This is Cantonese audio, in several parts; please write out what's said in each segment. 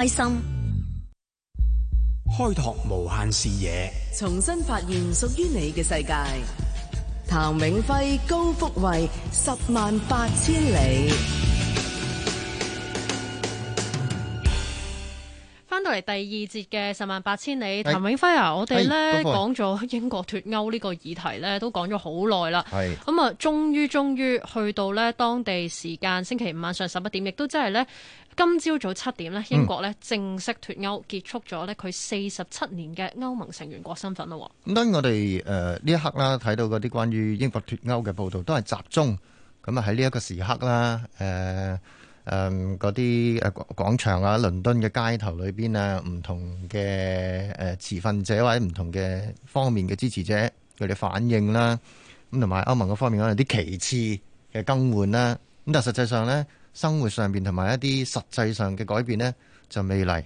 開心，開拓無限視野，重新發現屬於你嘅世界。譚永輝、高福慧，十萬八千里。嚟第二節嘅十萬八千里，譚永輝啊，我哋咧講咗英國脫歐呢個議題咧，都講咗好耐啦。係咁啊，終於終於去到咧當地時間星期五晚上十一點，亦都即係咧今朝早七點咧，英國咧正式脫歐，嗯、結束咗咧，佢四十七年嘅歐盟成員國身份咯。咁當然我哋誒呢一刻啦，睇到嗰啲關於英國脫歐嘅報道都係集中咁啊喺呢一個時刻啦，誒、呃。誒，嗰啲誒廣場啊，倫敦嘅街頭裏邊啊，唔同嘅誒持份者或者唔同嘅方面嘅支持者，佢哋反應啦，咁同埋歐盟嗰方面可能啲旗幟嘅更換啦。咁但係實際上咧，生活上邊同埋一啲實際上嘅改變咧就未嚟，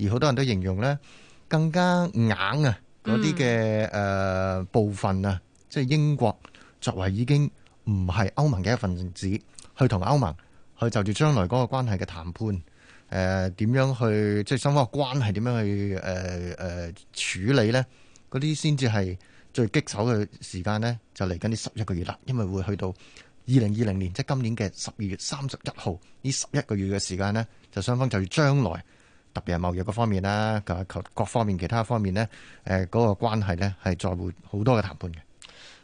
而好多人都形容咧更加硬啊嗰啲嘅誒部分啊，即係英國作為已經唔係歐盟嘅一份子，去同歐盟。就住將來嗰個關係嘅談判，誒，點樣去即係雙方嘅關係點樣去誒誒處理咧？嗰啲先至係最棘手嘅時間咧，就嚟緊呢十一個月啦，因為會去到二零二零年，即係今年嘅十二月三十一號，呢十一個月嘅時間咧，就雙方就住將來特別係貿易嗰方面啦，求各方面其他方面咧，誒嗰個關係咧係在乎好多嘅談判嘅。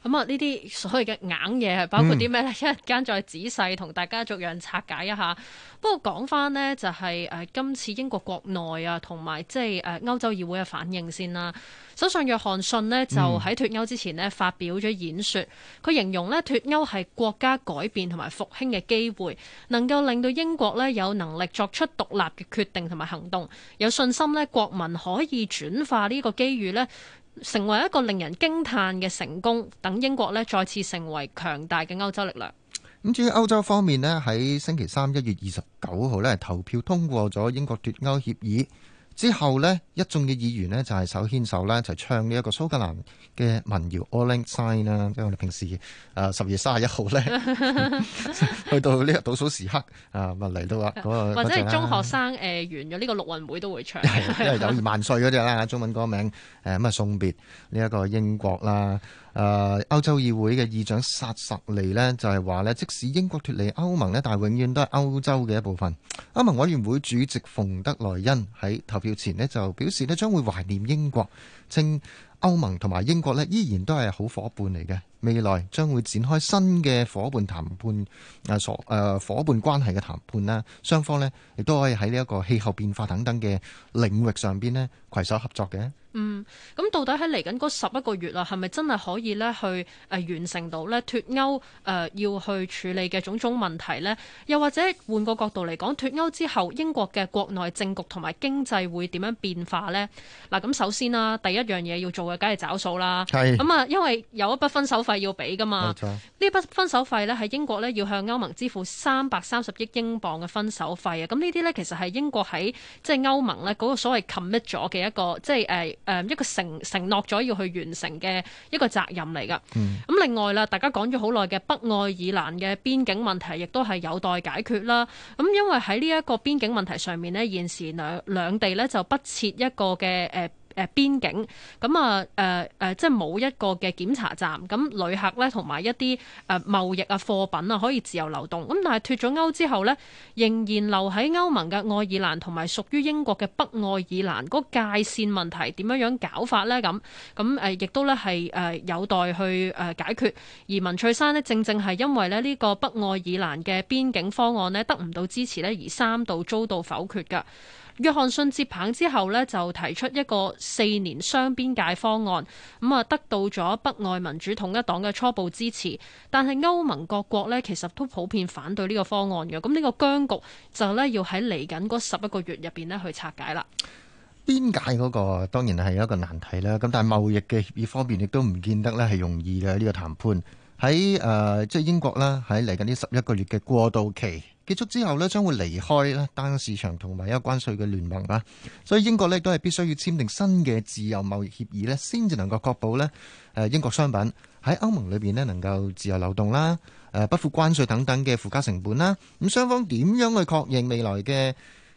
咁啊，呢啲所謂嘅硬嘢係包括啲咩呢、嗯、一陣間再仔細同大家逐樣拆解一下。不過講翻呢，就係今次英國國內啊，同埋即係誒歐洲議會嘅反應先啦。首相約翰遜呢，就喺脱歐之前呢發表咗演說，佢、嗯、形容呢脱歐係國家改變同埋復興嘅機會，能夠令到英國呢有能力作出獨立嘅決定同埋行動，有信心呢，國民可以轉化呢個機遇呢。成為一個令人驚嘆嘅成功，等英國咧再次成為強大嘅歐洲力量。咁至於歐洲方面咧，喺星期三一月二十九號咧投票通過咗英國脫歐協議。之後呢，一眾嘅議員呢就係、是、手牽手咧就是、唱呢一個蘇格蘭嘅民謠《Auld Lang Syne》啦。即咁我哋平時誒十、呃、二月三十一號咧， 去到呢個倒數時刻啊，咪、呃、嚟到啊、那、嗰個。或者中學生誒、呃，完咗呢個陸運會都會唱，因為友誼萬歲嗰隻啦， 中文歌名誒咁啊送別呢一個英國啦。誒、呃、歐洲議會嘅議長薩薩利呢就係、是、話即使英國脱離歐盟咧，但係永遠都係歐洲嘅一部分。歐盟委員會主席馮德萊恩喺投票前呢就表示咧，將會懷念英國。稱歐盟同埋英國咧依然都係好夥伴嚟嘅，未來將會展開新嘅夥伴談判啊，所誒夥伴關係嘅談判啦，雙方呢亦都可以喺呢一個氣候變化等等嘅領域上面呢，攜手合作嘅。嗯，咁到底喺嚟緊嗰十一個月啊，係咪真係可以呢去誒完成到呢脫歐誒要去處理嘅種種問題呢？又或者換個角度嚟講，脫歐之後英國嘅國內政局同埋經濟會點樣變化呢？嗱，咁首先啦，第一。一樣嘢要做嘅，梗係找數啦。係咁啊，因為有一筆分手費要俾噶嘛。呢筆分手費咧，喺英國咧要向歐盟支付三百三十億英鎊嘅分手費啊。咁、嗯、呢啲咧，其實係英國喺即係歐盟咧嗰、嗰個所謂 commit 咗嘅一個，即係誒誒一個承承諾咗要去完成嘅一個責任嚟噶。咁、嗯嗯、另外啦，大家講咗好耐嘅北愛爾蘭嘅邊境問題，亦都係有待解決啦。咁、嗯、因為喺呢一個邊境問題上面呢，現時兩兩地呢就不設一個嘅誒。呃誒邊境咁啊，即係冇一個嘅檢查站，咁、呃、旅客咧同埋一啲誒、呃、貿易啊貨品啊可以自由流動。咁但係脫咗歐之後呢，仍然留喺歐盟嘅愛爾蘭同埋屬於英國嘅北愛爾蘭嗰個界線問題點樣搞法呢？咁咁亦都咧係有待去解決。而文翠山呢，正正係因為咧呢個北愛爾蘭嘅邊境方案呢，得唔到支持呢，而三度遭到否決㗎。約翰遜接棒之後呢就提出一個四年雙邊界方案，咁啊得到咗北愛民主統一黨嘅初步支持，但係歐盟各國呢，其實都普遍反對呢個方案嘅，咁呢個僵局就呢要喺嚟緊嗰十一個月入面呢去拆解啦。邊界嗰個當然係一個難題啦，咁但係貿易嘅協議方面亦都唔見得呢係容易嘅呢、呢個談判。喺誒即係英國啦，喺嚟緊呢十一個月嘅過渡期結束之後呢，將會離開呢單市場同埋有關稅嘅聯盟啦。所以英國呢，都係必須要簽訂新嘅自由貿易協議呢，先至能夠確保呢誒英國商品喺歐盟裏邊呢，能夠自由流動啦，誒不付關稅等等嘅附加成本啦。咁雙方點樣去確認未來嘅？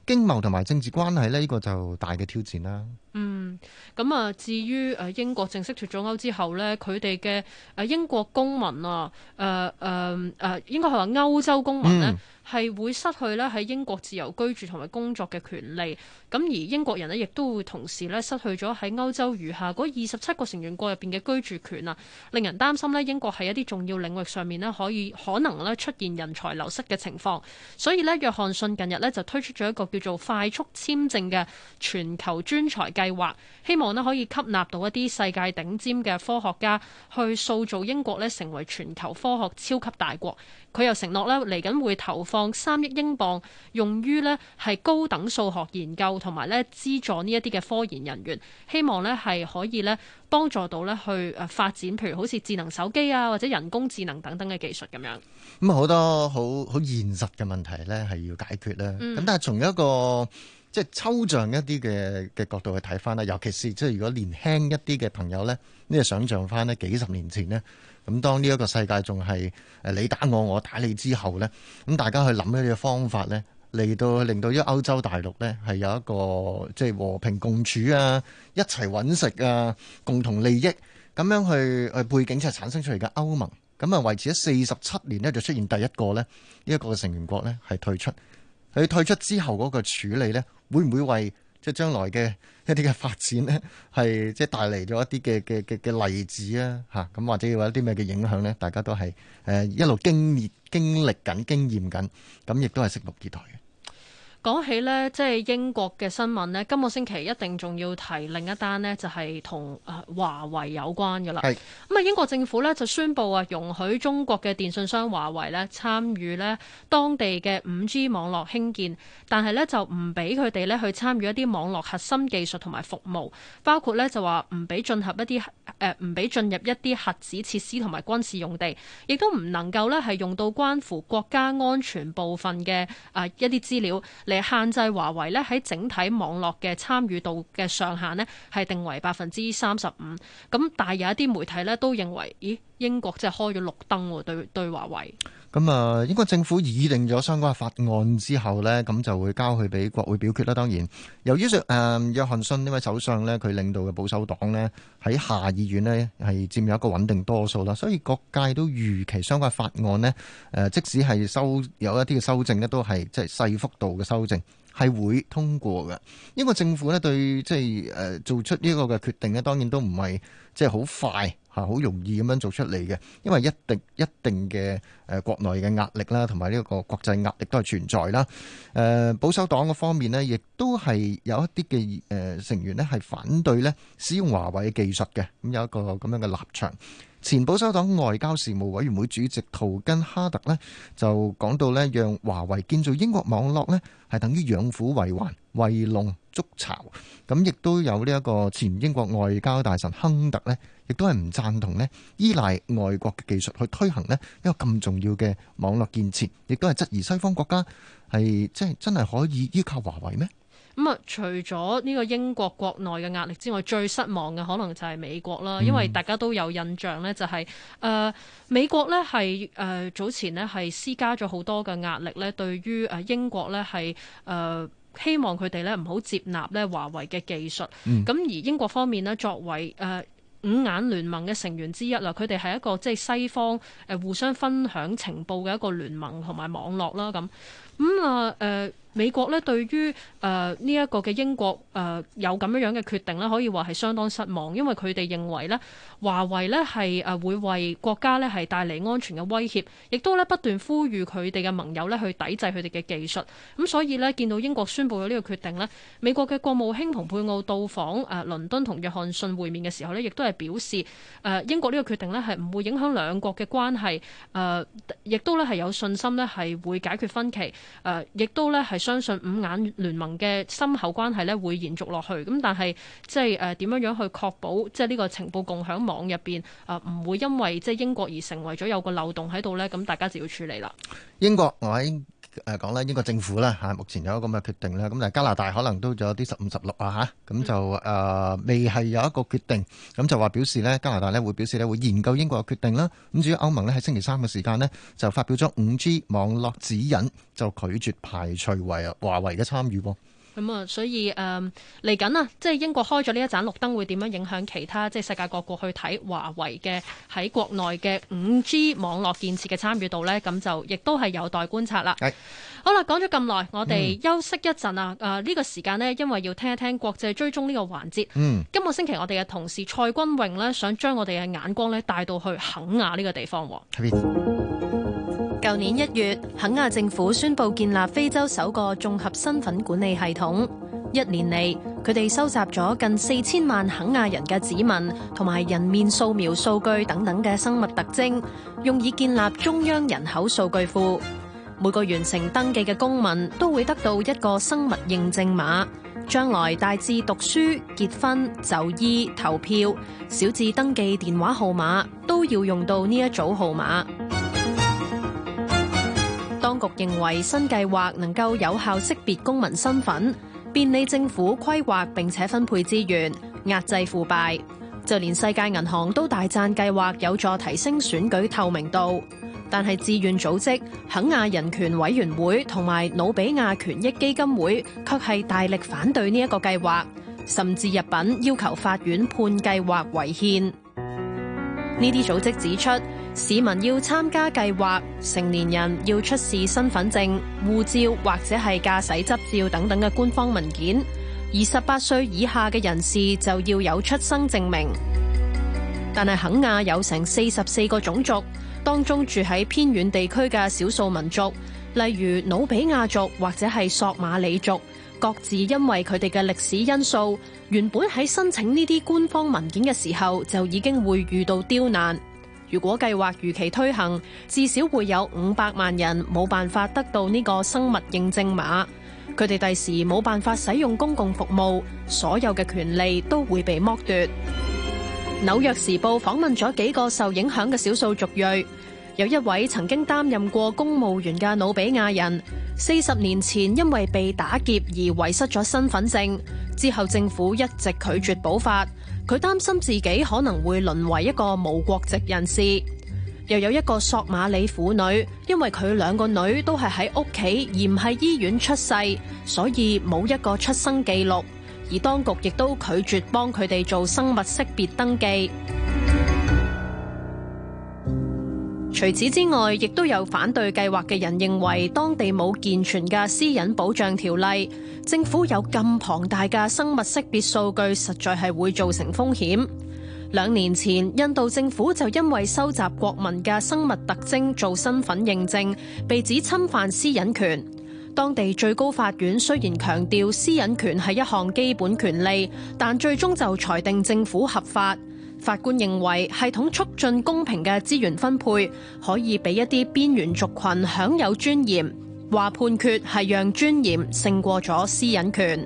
經貿同埋政治關係呢，呢、呢個就大嘅挑戰啦。嗯，咁啊，至於誒英國正式脫咗歐之後呢，佢哋嘅誒英國公民啊，誒誒誒，應該係話歐洲公民呢。嗯係會失去咧喺英國自由居住同埋工作嘅權利，咁而英國人咧亦都會同時咧失去咗喺歐洲餘下嗰二十七個成員國入面嘅居住權啊，令人擔心英國喺一啲重要領域上面可以可能咧出現人才流失嘅情況，所以咧約翰遜近日就推出咗一個叫做快速簽證嘅全球專才計劃，希望可以吸納到一啲世界頂尖嘅科學家去塑造英國成為全球科學超級大國。佢又承諾，咧，嚟緊會投放三億英鎊，用於呢係高等數學研究，同埋呢資助呢一啲嘅科研人員，希望呢係可以呢幫助到呢去發展，譬如好似智能手機啊，或者人工智能等等嘅技術咁樣。咁好多好好現實嘅問題呢係要解決啦。咁、嗯、但係從一個即係抽象一啲嘅嘅角度去睇返啦，尤其是即係如果年輕一啲嘅朋友呢，呢個想像返幾十年前呢。咁當呢一個世界仲係誒你打我，我打你之後呢，咁大家去諗一啲嘅方法呢，嚟到令到於歐洲大陸呢，係有一個即係和平共處啊，一齊揾食啊，共同利益咁樣去誒背景就產生出嚟嘅歐盟，咁啊維持咗四十七年呢，就出現第一個呢，呢一個嘅成員國呢，係退出。佢退出之後個處理咧，會唔會為即係將來嘅一啲嘅發展咧，係即係帶嚟咗一啲嘅嘅嘅嘅例子啊？吓，咁或者話一啲咩嘅影響咧？大家都係誒一路經歷、經歷緊、經驗緊，咁亦都係拭目以待嘅。講起呢，即係英國嘅新聞呢，今個星期一定仲要提另一單呢，就係同誒華為有關嘅啦。咁啊，英國政府呢就宣布啊，容許中國嘅電訊商華為呢參與呢當地嘅五 G 網絡興建，但係呢，就唔俾佢哋呢去參與一啲網絡核心技術同埋服務，包括呢，就話唔俾進合一啲誒唔俾進入一啲、呃、核子設施同埋軍事用地，亦都唔能夠呢係用到關乎國家安全部分嘅誒一啲資料。限制華為咧喺整體網絡嘅參與度嘅上限咧，係定為百分之三十五。咁但係有一啲媒體咧都認為，咦英國真係開咗綠燈對對華為。咁啊，英國政府擬定咗相關法案之後呢咁就會交去俾國會表決啦。當然，由於上、呃、約翰遜呢位首相呢，佢領導嘅保守黨呢，喺下議院呢係佔有一個穩定多數啦，所以各界都預期相關法案呢、呃，即使係修有一啲嘅修正呢都係即係細幅度嘅修正係會通過嘅。英國政府呢，對即係做出呢個嘅決定呢當然都唔係即係好快，係好容易咁樣做出嚟嘅，因為一定一定嘅誒國內嘅壓力啦，同埋呢個國際壓力都係存在啦。誒保守黨嘅方面呢，亦都係有一啲嘅誒成員呢係反對咧使用華為嘅技術嘅，咁有一個咁樣嘅立場。前保守黨外交事務委員會主席圖根哈特呢，就講到呢：「讓華為建造英國網絡呢，係等於養虎為患、為龍，捉巢，咁亦都有呢一個前英國外交大臣亨特呢，亦都係唔贊同呢依賴外國嘅技術去推行呢一個咁重要嘅網絡建設，亦都係質疑西方國家係即係真係可以依靠華為咩？咁啊，除咗呢個英國國內嘅壓力之外，最失望嘅可能就係美國啦，因為大家都有印象呢、就是，就係誒美國呢，係、呃、誒早前呢，係施加咗好多嘅壓力呢，對於誒英國呢，係、呃、誒。希望佢哋咧唔好接納咧華為嘅技術。咁、嗯、而英國方面咧，作為誒五眼聯盟嘅成員之一啦，佢哋係一個即係西方誒互相分享情報嘅一個聯盟同埋網絡啦咁。咁、嗯、啊，誒、呃、美國呢，對於誒呢一個嘅英國誒、呃、有咁樣樣嘅決定呢，可以話係相當失望，因為佢哋認為呢，華為呢係誒會為國家呢係帶嚟安全嘅威脅，亦都呢不斷呼籲佢哋嘅盟友呢去抵制佢哋嘅技術。咁所以呢，見到英國宣布咗呢個決定呢，美國嘅國務卿蓬佩奧到訪誒倫敦同約翰遜會面嘅時候呢，亦都係表示誒、呃、英國呢個決定呢係唔會影響兩國嘅關係，誒、呃、亦都呢係有信心呢係會解決分歧。誒，亦都咧係相信五眼聯盟嘅深厚關係咧，會延續落去。咁但係即係誒點樣樣去確保即係呢個情報共享網入邊啊，唔會因為即係英國而成為咗有個漏洞喺度呢？咁大家就要處理啦。英國，我喺。誒講咧，英國政府啦嚇，目前有一個咁嘅決定咧，咁但係加拿大可能都仲有啲十五十六啊嚇，咁就誒、呃、未係有一個決定，咁就話表示呢，加拿大咧會表示咧會研究英國嘅決定啦。咁至於歐盟咧喺星期三嘅時間呢，就發表咗五 G 網絡指引，就拒絕排除華華為嘅參與。咁、嗯、啊，所以誒嚟緊啊，即係英國開咗呢一盞綠燈，會點樣影響其他即係世界各國去睇華為嘅喺國內嘅 5G 網絡建設嘅參與度呢？咁就亦都係有待觀察啦。係。好啦，講咗咁耐，我哋休息一陣、嗯、啊！誒、這、呢個時間呢，因為要聽一聽國際追蹤呢個環節。嗯。今個星期我哋嘅同事蔡君穎呢，想將我哋嘅眼光呢，帶到去肯亞呢個地方。去年一月，肯亞政府宣布建立非洲首個綜合身份管理系統。一年嚟，佢哋收集咗近四千萬肯亞人嘅指紋同埋人面掃描數據等等嘅生物特徵，用以建立中央人口數據庫。每個完成登記嘅公民都會得到一個生物認證碼，將來大至讀書、結婚、就醫、投票，小至登記電話號碼，都要用到呢一組號碼。當局認為新計劃能夠有效識別公民身份，便利政府規劃並且分配資源，壓制腐敗。就連世界銀行都大讚計劃有助提升選舉透明度，但係志願組織肯亞人權委員會同埋努比亞權益基金會卻係大力反對呢一個計劃，甚至入稟要求法院判計劃違憲。呢啲組織指出。市民要參加計劃，成年人要出示身份證、護照或者係駕駛執照等等嘅官方文件；二十八歲以下嘅人士就要有出生證明。但係肯亞有成四十四個種族，當中住喺偏遠地區嘅少數民族，例如努比亞族或者係索馬里族，各自因為佢哋嘅歷史因素，原本喺申請呢啲官方文件嘅時候就已經會遇到刁難。如果計劃如期推行，至少會有五百萬人冇辦法得到呢個生物認證碼，佢哋第時冇辦法使用公共服務，所有嘅權利都會被剝奪。紐約時報訪問咗幾個受影響嘅少數族裔，有一位曾經擔任過公務員嘅努比亞人，四十年前因為被打劫而遺失咗身份證，之後政府一直拒絕補發。佢擔心自己可能會淪為一個無國籍人士，又有一個索馬里婦女，因為佢兩個女都係喺屋企，而唔係醫院出世，所以冇一個出生記錄，而當局亦都拒絕幫佢哋做生物識別登記。除此之外，亦都有反對計劃嘅人認為，當地冇健全嘅私隱保障條例，政府有咁龐大嘅生物識別數據，實在係會造成風險。兩年前，印度政府就因為收集國民嘅生物特徵做身份認證，被指侵犯私隱權。當地最高法院雖然強調私隱權係一項基本權利，但最終就裁定政府合法。法官認為，系統促進公平嘅資源分配，可以俾一啲邊緣族群享有尊嚴。話判決係讓尊嚴勝過咗私隱權。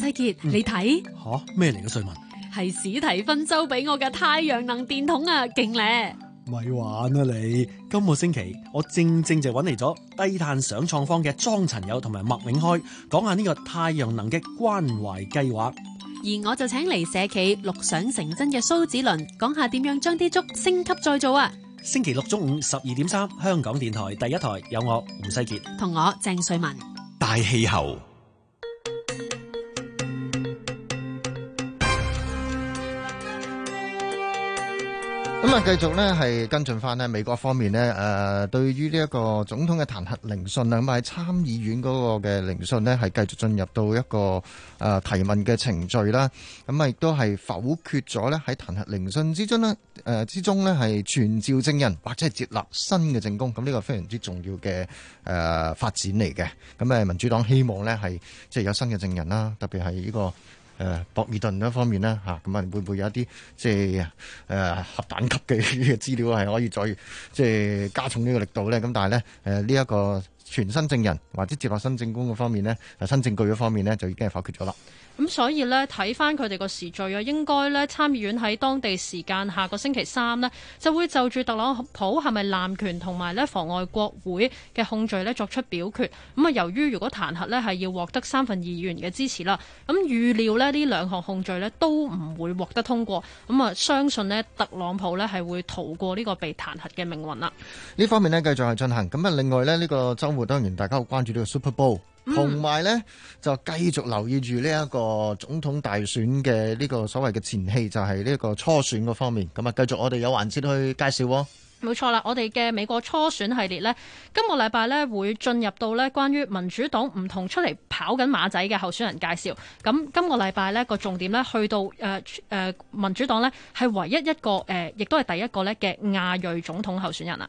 世傑，你睇吓咩嚟嘅？瑞文係史提芬州俾我嘅太陽能電筒啊，勁咧！咪玩啊你！今個星期我正正就搵嚟咗低碳想創方嘅莊陳有同埋麥永開，講下呢個太陽能嘅關懷計劃。而我就請嚟社企綠想成真嘅蘇子倫，講下點樣將啲竹升級再造啊！星期六中午十二點三，香港電台第一台有我吳世傑同我鄭瑞文大氣候。咁繼續咧，係跟進翻咧美國方面呢，誒，對於呢一個總統嘅彈劾聆訊啊，咁喺參議院嗰個嘅聆訊呢係繼續進入到一個誒提問嘅程序啦。咁啊，亦都係否決咗咧，喺彈劾聆訊之中呢，誒、呃、之中係傳召證人或者係接納新嘅證供。咁、這、呢個非常之重要嘅誒、呃、發展嚟嘅。咁誒，民主黨希望呢，係即係有新嘅證人啦，特別係呢、這個。誒博爾頓方面呢吓，咁啊會唔會有一啲即係誒核彈級嘅資料係可以再即係加重呢個力度咧？咁但係咧呢一個、呃、全新證人或者接落新證供嘅方面咧，新證據嘅方面咧，就已經係否決咗啦。咁所以呢，睇翻佢哋個時序啊，應該呢參議院喺當地時間下個星期三呢，就會就住特朗普係咪濫權同埋呢妨礙國會嘅控罪呢作出表決。咁啊，由於如果彈劾呢係要獲得三分二議員嘅支持啦，咁預料呢，呢兩項控罪呢都唔會獲得通過。咁啊，相信呢特朗普呢係會逃過呢個被彈劾嘅命運啦。呢方面呢，繼續係進行。咁啊，另外呢，呢個周末當然大家好關注呢個 Super Bowl。同、嗯、埋呢，就繼續留意住呢一個總統大選嘅呢個所謂嘅前期，就係呢一個初選嗰方面。咁啊，繼續我哋有環節去介紹、哦。冇錯啦，我哋嘅美國初選系列呢，今個禮拜呢會進入到呢關於民主黨唔同出嚟跑緊馬仔嘅候選人介紹。咁今個禮拜呢個重點呢，去到誒誒、呃呃、民主黨呢係唯一一個誒、呃，亦都係第一個呢嘅亞裔總統候選人啊！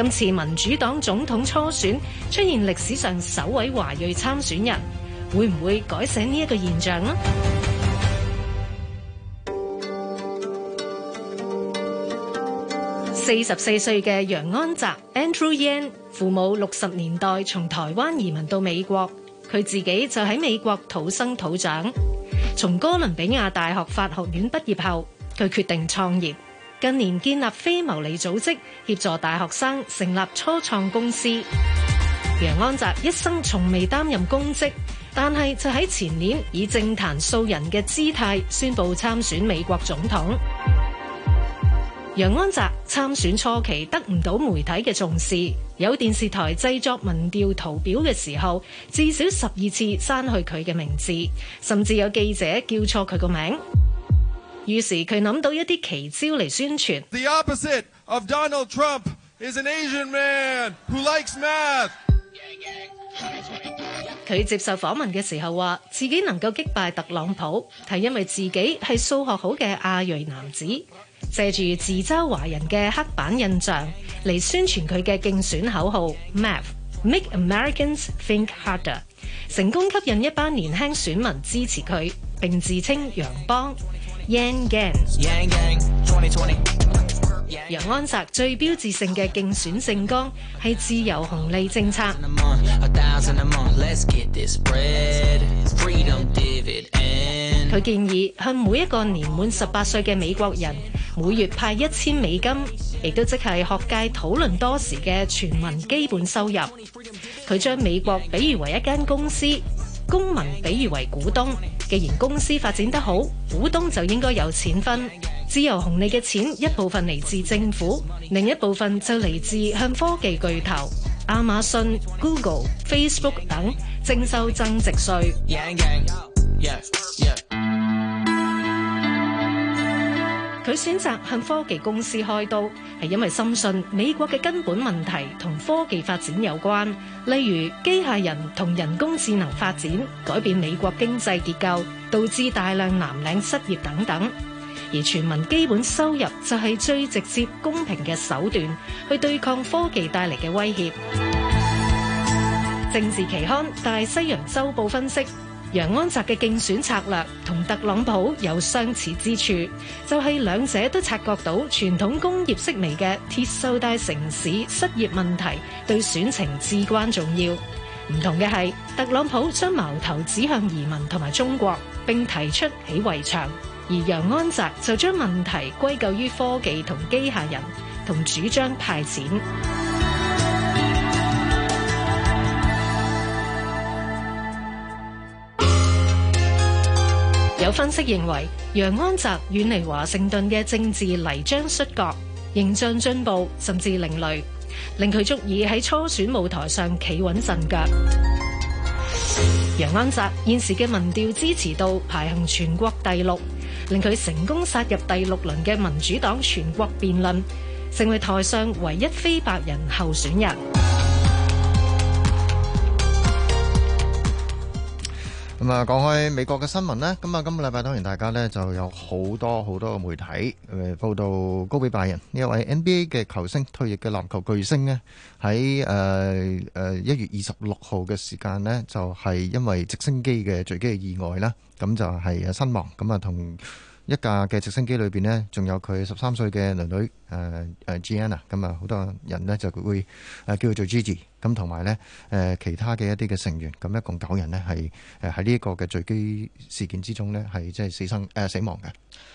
今次民主黨總統初選出現歷史上首位華裔參選人，會唔會改寫呢一個現象呢？四十四歲嘅楊安澤 Andrew Yang，父母六十年代從台灣移民到美國，佢自己就喺美國土生土長。從哥倫比亞大學法學院畢業後，佢決定創業。近年建立非牟利組織，協助大學生成立初創公司。楊安澤一生從未擔任公職，但係就喺前年以政壇素人嘅姿態宣布參選美國總統。楊安澤參選初期得唔到媒體嘅重視，有電視台製作民調圖表嘅時候，至少十二次刪去佢嘅名字，甚至有記者叫錯佢個名。於是佢諗到一啲奇招嚟宣傳。The opposite of Donald Trump is an Asian man who likes math. 佢接受訪問嘅時候話，自己能夠擊敗特朗普係因為自己係數學好嘅亞裔男子，借住自嘲華人嘅黑板印象嚟宣傳佢嘅競選口號。Math make Americans think harder，成功吸引一班年輕選民支持佢，並自稱楊幫」。Yang Gang, Yang Gang 2020, 楊安澤最標誌性嘅競選政綱係自由紅利政策。佢建議向每一個年滿十八歲嘅美國人每月派一千美金，亦都即係學界討論多時嘅全民基本收入。佢將美國比喻為一間公司。公民比喻為股東，既然公司發展得好，股東就應該有錢分。自由紅利嘅錢一部分嚟自政府，另一部分就嚟自向科技巨頭亞馬遜、Google、Facebook 等徵收增值稅。佢選擇向科技公司開刀，係因為深信美國嘅根本問題同科技發展有關，例如機械人同人工智能發展改變美國經濟結構，導致大量藍領失業等等。而全民基本收入就係最直接公平嘅手段，去對抗科技帶嚟嘅威脅。政治期刊大西洋周報分析。楊安澤嘅競選策略同特朗普有相似之處，就係兩者都察覺到傳統工業式微嘅鐵鏽帶城市失業問題對選情至關重要。唔同嘅係，特朗普將矛頭指向移民同埋中國，並提出起圍牆；而楊安澤就將問題歸咎於科技同機械人，同主張派錢。有分析認為，楊安澤遠離華盛頓嘅政治泥漿摔角，形象進步，甚至另類，令佢足以喺初選舞台上企穩陣腳。楊安澤現時嘅民調支持度排行全國第六，令佢成功殺入第六輪嘅民主黨全國辯論，成為台上唯一非白人候選人。咁啊，講開美國嘅新聞咧，咁啊，今個禮拜當然大家咧就有好多好多嘅媒體誒報道高比拜仁呢一位 NBA 嘅球星退役嘅籃球巨星咧，喺誒誒一月二十六號嘅時間咧，就係因為直升機嘅墜機嘅意外啦，咁就係身亡，咁啊同。一架嘅直升機裏邊咧，仲有佢十三歲嘅女女，誒誒 Gianna，咁啊，好多人咧就會誒叫佢做 Gigi，咁同埋咧誒其他嘅一啲嘅成員，咁一共九人咧係誒喺呢一個嘅墜機事件之中咧係即係死生誒死亡嘅。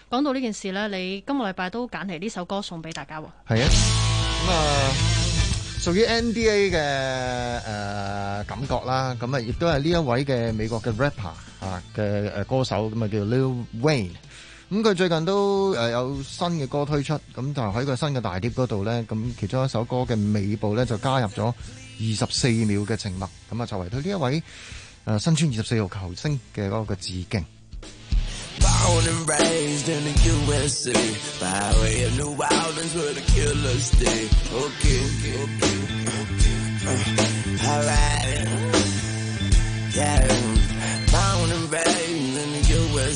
講到呢件事咧，你今個禮拜都揀嚟呢首歌送俾大家喎。係啊，咁啊屬於 NBA 嘅誒感覺啦，咁啊亦都係呢一位嘅美國嘅 rapper 啊嘅誒歌手，咁啊叫做 Lil Wayne。咁佢最近都誒有新嘅歌推出，咁就喺個新嘅大碟嗰度咧，咁其中一首歌嘅尾部咧就加入咗二十四秒嘅靜默，咁啊作為對呢一位誒身穿二十四號球星嘅嗰個致敬。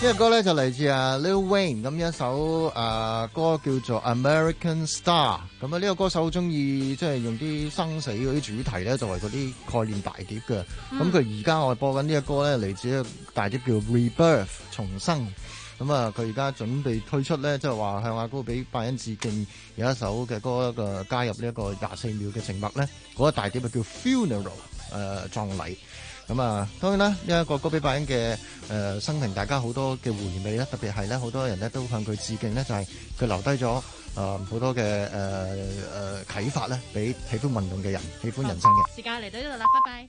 呢個歌咧就嚟自啊 Lil Wayne，咁一首誒歌叫做 American Star。咁啊呢個歌手好中意即係用啲生死嗰啲主題咧作為嗰啲概念大碟嘅。咁佢而家我哋播緊呢個歌咧嚟自一大碟叫 Rebirth 重生。咁啊佢而家準備推出咧即係話向阿高比拜恩致敬，有一首嘅歌嘅加入呢一個廿四秒嘅靜默咧，嗰、那個大碟咪叫 Funeral 誒、呃、葬禮。咁啊，當然啦，呢一個高比拜仁嘅誒生平，大家好多嘅回味啦，特別係咧，好多人咧都向佢致敬咧，就係佢留低咗誒好多嘅誒誒啟發咧，俾喜歡運動嘅人，喜歡人生嘅時間嚟到呢度啦，拜拜。